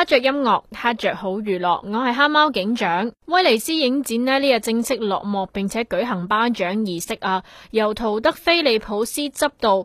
刻着音樂，刻着好娛樂。我係黑貓警長。威尼斯影展呢，呢日正式落幕，並且舉行頒獎儀式啊！由陶德菲利普斯執導。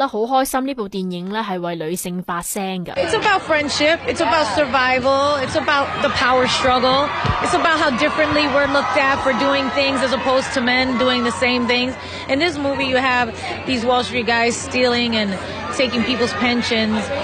咧好開心呢部電影呢係為女性發聲㗎。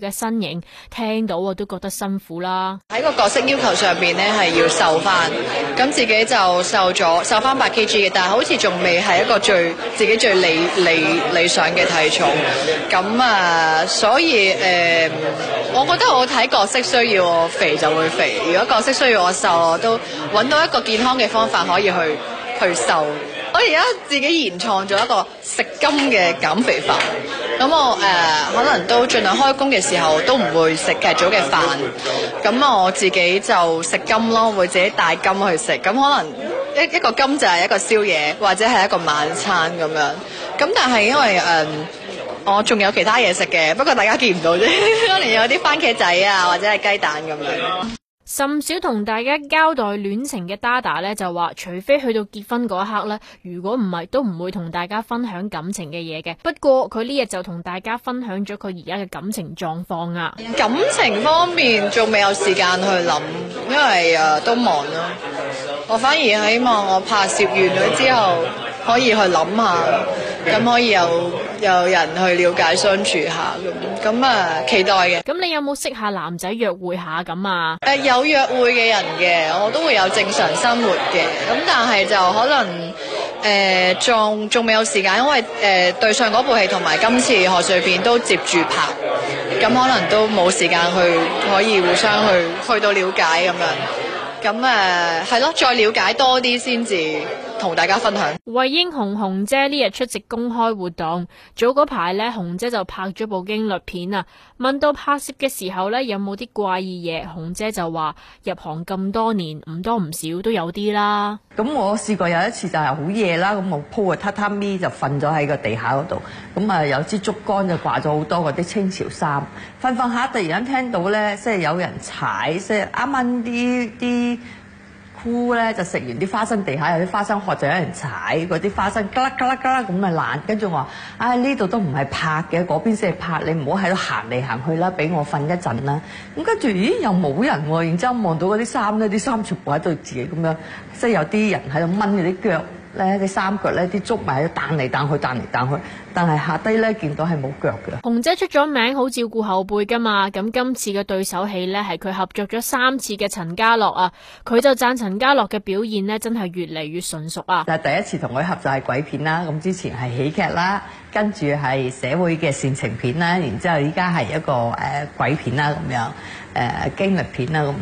嘅身影，聽到我都覺得辛苦啦。喺個角色要求上面呢，係要瘦翻，咁自己就瘦咗，瘦翻八 KG 嘅，但係好似仲未係一個最自己最理理理想嘅體重。咁啊，所以誒、呃，我覺得我睇角色需要我肥就會肥，如果角色需要我瘦，我都揾到一個健康嘅方法可以去去瘦。我而家自己研創咗一個食金嘅減肥法。咁我誒、uh，可能都盡量開工嘅時候都唔會食劇組嘅飯，咁我自己就食金咯，會自己帶金去食，咁可能一一個金就係一個宵夜或者係一個晚餐咁樣。咁但係因為誒、uh，我仲有其他嘢食嘅，不過大家見唔到啫， 可能有啲番茄仔啊或者係雞蛋咁樣。甚少同大家交代戀情嘅 Dada 咧，就話除非去到結婚嗰一刻咧，如果唔係都唔會同大家分享感情嘅嘢嘅。不過佢呢日就同大家分享咗佢而家嘅感情狀況啊。感情方面仲未有時間去諗，因為啊都忙咯。我反而希望我拍攝完咗之後可以去諗下，咁可以有。有人去了解相處下咁，咁啊、嗯、期待嘅。咁你有冇識下男仔約會下咁啊？誒、呃、有約會嘅人嘅，我都會有正常生活嘅。咁、嗯、但係就可能誒仲仲未有時間，因為誒、呃、對上嗰部戲同埋今次賀歲片都接住拍，咁、嗯、可能都冇時間去可以互相去去到了解咁樣。咁誒係咯，再了解多啲先至。同大家分享，惠英紅紅姐呢日出席公開活動。早嗰排咧，紅姐就拍咗部驚悚片啊。問到拍攝嘅時候咧，有冇啲怪異嘢？紅姐就話：入行咁多年，唔多唔少都有啲啦。咁我試過有一次就係好夜啦，咁我鋪啊榻榻米就瞓咗喺個地下嗰度。咁啊有支竹竿就掛咗好多嗰啲清朝衫。瞓瞓下突然間聽到咧，即係有人踩，即係啱啱啲啲。呼咧就食完啲花生，地下有啲花生殼，就有人踩，嗰啲花生吉啦吉啦吉啦咁咪爛。跟住我話，唉，呢度都唔係拍嘅，嗰邊先係拍，你唔好喺度行嚟行去啦，俾我瞓一陣啦。咁跟住咦又冇人喎，然之後望到嗰啲衫咧，啲衫全部喺度自己咁樣，即係有啲人喺度掹嗰啲腳。咧啲三腳咧啲竹埋喺度彈嚟彈去，彈嚟彈去，但係下低咧見到係冇腳嘅。紅姐出咗名好照顧後輩噶嘛，咁今次嘅對手戲咧係佢合作咗三次嘅陳家樂啊，佢就讚陳家樂嘅表現咧真係越嚟越純熟啊！但係第一次同佢合作係鬼片啦，咁之前係喜劇啦，跟住係社會嘅煽情片啦，然之後依家係一個誒鬼片啦咁樣，誒驚慄片啦咁。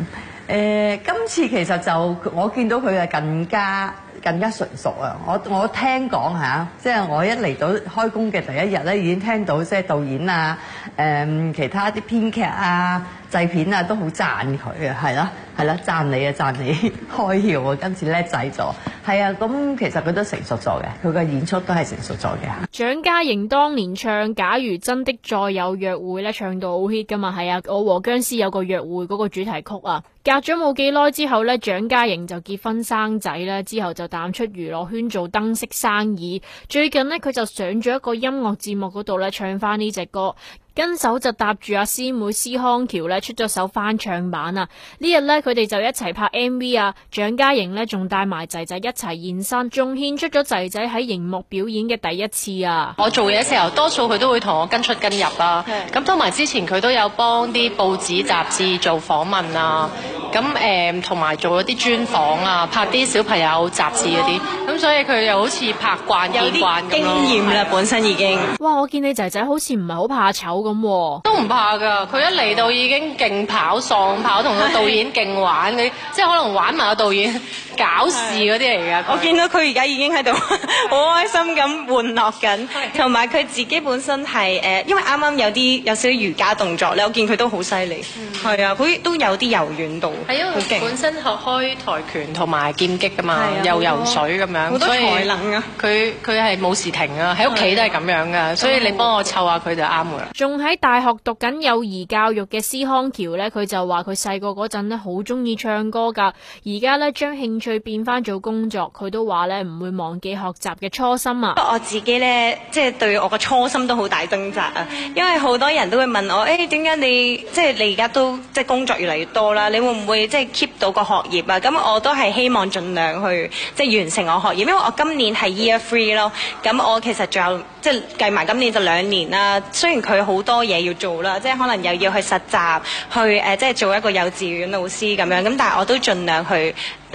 誒、呃，今次其實就我見到佢係更加更加純熟啊！我我聽講嚇，即係我一嚟到開工嘅第一日咧，已經聽到即係導演啊、誒、呃、其他啲編劇啊、製片啊都好讚佢啊。係咯。係啦，讚你啊，讚你開竅喎！今次叻仔咗，係啊，咁其實佢都成熟咗嘅，佢個演出都係成熟咗嘅。蔣嘉瑩當年唱《假如真的再有約會》呢，唱到好 hit 㗎嘛，係啊，我和僵屍有個約會嗰個主題曲啊，隔咗冇幾耐之後呢，蔣嘉瑩就結婚生仔咧，之後就淡出娛樂圈做燈飾生意，最近呢，佢就上咗一個音樂節目嗰度呢，唱翻呢隻歌。跟手就搭住阿師妹師康橋呢，出咗首翻唱版啊！呢日呢，佢哋就一齊拍 MV 啊！蔣嘉瑩呢，仲帶埋仔仔一齊現身，仲獻出咗仔仔喺熒幕表演嘅第一次啊！我做嘢嘅時候，多數佢都會同我跟出跟入啊，咁，同埋之前佢都有幫啲報紙雜誌做訪問啊。咁誒，同埋、嗯、做一啲專訪啊，拍啲小朋友雜誌嗰啲，咁、嗯嗯、所以佢又好似拍慣見慣咁咯。有啲經驗啦，的本身已經。哇！我見你仔仔好似唔係好怕醜咁喎、哦。都唔怕㗎，佢一嚟到已經勁跑喪跑，同個導演勁玩，你的即係可能玩埋個導演。 搞事嗰啲嚟噶，我見到佢而家已經喺度好開心咁玩樂緊，同埋佢自己本身係誒，因為啱啱有啲有少少瑜伽動作咧，我見佢都好犀利，係啊，佢都有啲柔軟度。係因為本身學開跆拳同埋劍擊㗎嘛，又游水咁樣，好多才能啊！佢佢係冇時停啊，喺屋企都係咁樣噶，所以你幫我湊下佢就啱噶啦。仲喺大學讀緊幼兒教育嘅施康橋咧，佢就話佢細個嗰陣咧好中意唱歌㗎，而家咧將興佢變翻做工作，佢都話咧唔會忘記學習嘅初心啊。不過我自己咧，即係對我個初心都好大掙扎啊。因為好多人都會問我，誒點解你即係你而家都即係工作越嚟越多啦？你會唔會即係 keep 到個學業啊？咁我都係希望盡量去即係完成我學業，因為我今年係 year three 咯。咁我其實仲有即係計埋今年就兩年啦。雖然佢好多嘢要做啦，即係可能又要去實習，去誒即係做一個幼稚園老師咁樣。咁但係我都盡量去。